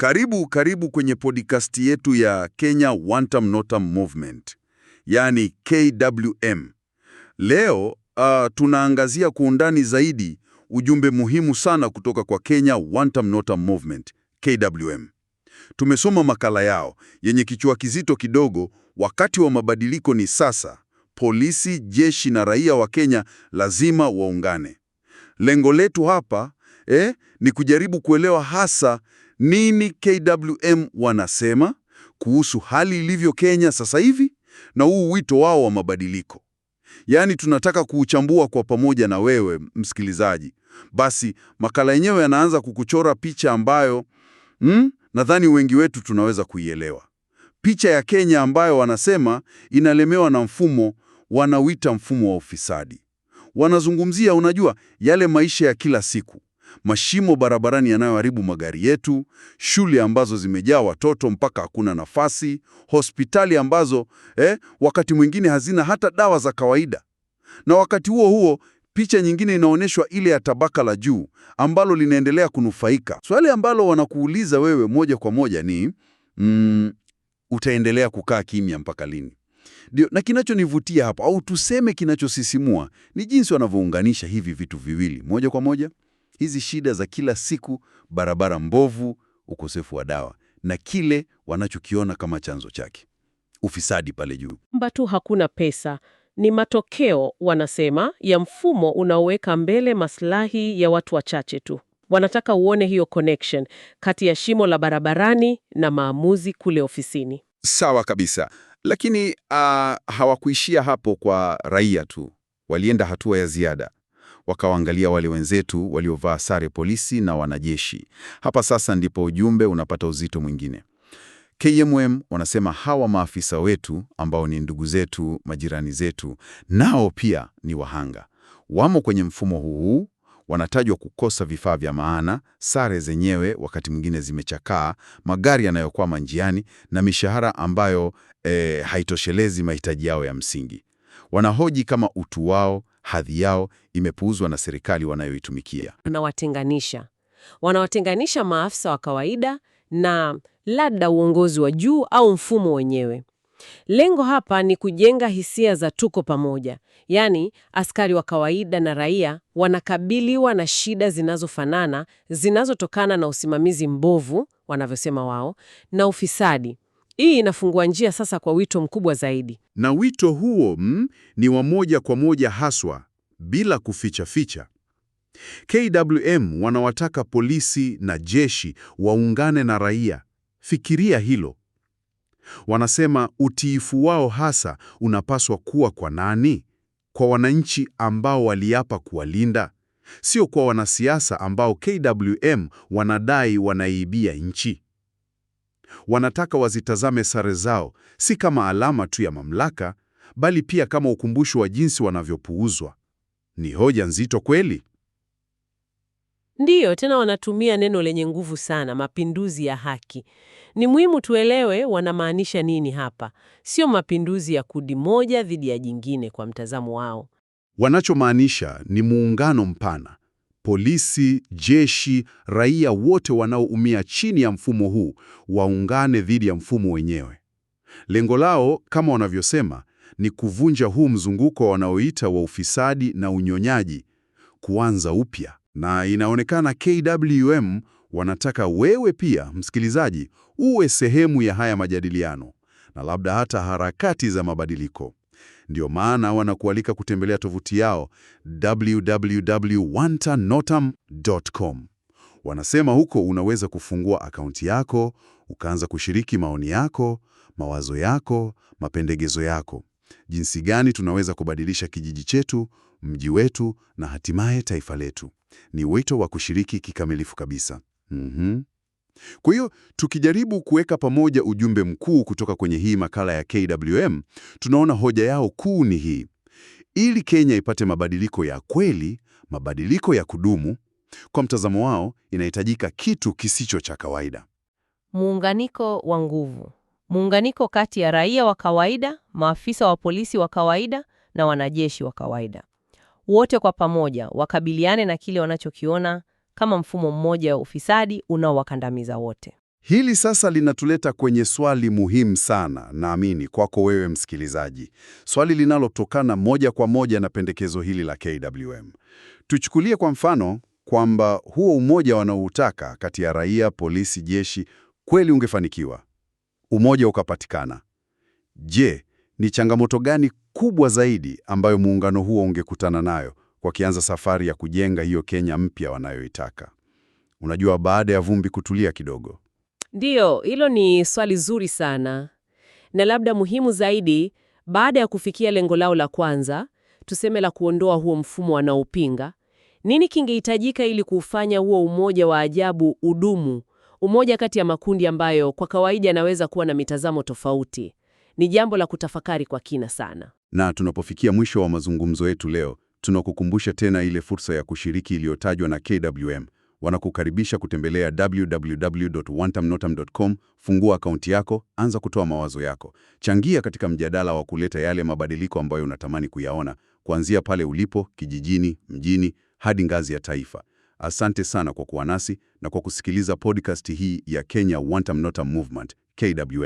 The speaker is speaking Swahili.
Karibu karibu kwenye podcast yetu ya Kenya Wantam Notam Movement, yani KWM. Leo uh, tunaangazia kwa undani zaidi ujumbe muhimu sana kutoka kwa Kenya Wantam Notam Movement, KWM. Tumesoma makala yao yenye kichwa kizito kidogo, wakati wa mabadiliko ni sasa, polisi, jeshi na raia wa Kenya lazima waungane. Lengo letu hapa eh, ni kujaribu kuelewa hasa nini KWM wanasema kuhusu hali ilivyo Kenya sasa hivi na huu wito wao wa mabadiliko? Yaani tunataka kuuchambua kwa pamoja na wewe msikilizaji. Basi makala yenyewe yanaanza kukuchora picha ambayo mm, nadhani wengi wetu tunaweza kuielewa. Picha ya Kenya ambayo wanasema inalemewa na mfumo wanawita mfumo wa ufisadi. Wanazungumzia unajua, yale maisha ya kila siku, mashimo barabarani yanayoharibu magari yetu, shule ambazo zimejaa watoto mpaka hakuna nafasi, hospitali ambazo eh, wakati mwingine hazina hata dawa za kawaida. Na wakati huo huo picha nyingine inaonyeshwa ile ya tabaka la juu ambalo linaendelea kunufaika. Swali ambalo wanakuuliza wewe moja kwa moja ni mm, utaendelea kukaa kimya mpaka lini? Ndio, na kinachonivutia hapa au tuseme kinachosisimua ni jinsi wanavyounganisha hivi vitu viwili moja kwa moja hizi shida za kila siku, barabara mbovu, ukosefu wa dawa na kile wanachokiona kama chanzo chake, ufisadi pale juu. Mbatu hakuna pesa ni matokeo, wanasema, ya mfumo unaoweka mbele maslahi ya watu wachache tu. Wanataka uone hiyo connection kati ya shimo la barabarani na maamuzi kule ofisini. Sawa kabisa, lakini uh, hawakuishia hapo kwa raia tu, walienda hatua ya ziada wakawaangalia wale wenzetu waliovaa sare polisi na wanajeshi. Hapa sasa ndipo ujumbe unapata uzito mwingine. KMM wanasema hawa maafisa wetu ambao ni ndugu zetu, majirani zetu, nao pia ni wahanga, wamo kwenye mfumo huu wanatajwa kukosa vifaa vya maana, sare zenyewe wakati mwingine zimechakaa, magari yanayokwama njiani na mishahara ambayo e, haitoshelezi mahitaji yao ya msingi. Wanahoji kama utu wao, hadhi yao imepuuzwa na serikali wanayoitumikia. Wanawatenganisha, wanawatenganisha maafisa wa kawaida na labda uongozi wa juu au mfumo wenyewe. Lengo hapa ni kujenga hisia za tuko pamoja, yaani askari wa kawaida na raia wanakabiliwa na shida zinazofanana zinazotokana na usimamizi mbovu, wanavyosema wao, na ufisadi. Hii inafungua njia sasa kwa wito mkubwa zaidi, na wito huo mm, ni wa moja kwa moja haswa, bila kufichaficha. KWM wanawataka polisi na jeshi waungane na raia. Fikiria hilo. Wanasema utiifu wao hasa unapaswa kuwa kwa nani? Kwa wananchi ambao waliapa kuwalinda, sio kwa wanasiasa ambao KWM wanadai wanaibia nchi. Wanataka wazitazame sare zao si kama alama tu ya mamlaka, bali pia kama ukumbusho wa jinsi wanavyopuuzwa. Ni hoja nzito kweli. Ndiyo, tena wanatumia neno lenye nguvu sana, mapinduzi ya haki. Ni muhimu tuelewe wanamaanisha nini hapa. Sio mapinduzi ya kundi moja dhidi ya jingine kwa mtazamo wao. Wanachomaanisha ni muungano mpana polisi, jeshi, raia wote wanaoumia chini ya mfumo huu waungane dhidi ya mfumo wenyewe. Lengo lao kama wanavyosema ni kuvunja huu mzunguko wanaoita wa ufisadi na unyonyaji, kuanza upya. Na inaonekana KWM wanataka wewe pia msikilizaji uwe sehemu ya haya majadiliano na labda hata harakati za mabadiliko. Ndio maana wanakualika kutembelea tovuti yao www.wantanotam.com. Wanasema huko unaweza kufungua akaunti yako, ukaanza kushiriki maoni yako, mawazo yako, mapendekezo yako, jinsi gani tunaweza kubadilisha kijiji chetu, mji wetu na hatimaye taifa letu. Ni wito wa kushiriki kikamilifu kabisa. Mm-hmm. Kwa hiyo tukijaribu kuweka pamoja ujumbe mkuu kutoka kwenye hii makala ya KWM, tunaona hoja yao kuu ni hii: ili Kenya ipate mabadiliko ya kweli, mabadiliko ya kudumu, kwa mtazamo wao, inahitajika kitu kisicho cha kawaida, muunganiko wa nguvu, muunganiko kati ya raia wa kawaida, maafisa wa polisi wa kawaida na wanajeshi wa kawaida, wote kwa pamoja wakabiliane na kile wanachokiona kama mfumo mmoja wa ufisadi unaowakandamiza wote. Hili sasa linatuleta kwenye swali muhimu sana, naamini kwako wewe msikilizaji, swali linalotokana moja kwa moja na pendekezo hili la KWM. Tuchukulie kwa mfano kwamba huo umoja wanaoutaka kati ya raia, polisi, jeshi kweli ungefanikiwa, umoja ukapatikana. Je, ni changamoto gani kubwa zaidi ambayo muungano huo ungekutana nayo wakianza safari ya kujenga hiyo Kenya mpya wanayoitaka. Unajua, baada ya vumbi kutulia kidogo. Ndiyo, hilo ni swali zuri sana, na labda muhimu zaidi, baada ya kufikia lengo lao la kwanza, tuseme la kuondoa huo mfumo wanaopinga, nini kingehitajika ili kuufanya huo umoja wa ajabu udumu? Umoja kati ya makundi ambayo kwa kawaida yanaweza kuwa na mitazamo tofauti. Ni jambo la kutafakari kwa kina sana. Na tunapofikia mwisho wa mazungumzo yetu leo, tunakukumbusha tena ile fursa ya kushiriki iliyotajwa na KWM. Wanakukaribisha kutembelea www.wantamnotam.com. Fungua akaunti yako, anza kutoa mawazo yako, changia katika mjadala wa kuleta yale mabadiliko ambayo unatamani kuyaona, kuanzia pale ulipo kijijini, mjini, hadi ngazi ya taifa. Asante sana kwa kuwa nasi na kwa kusikiliza podcast hii ya Kenya Wantamnotam Movement KWM.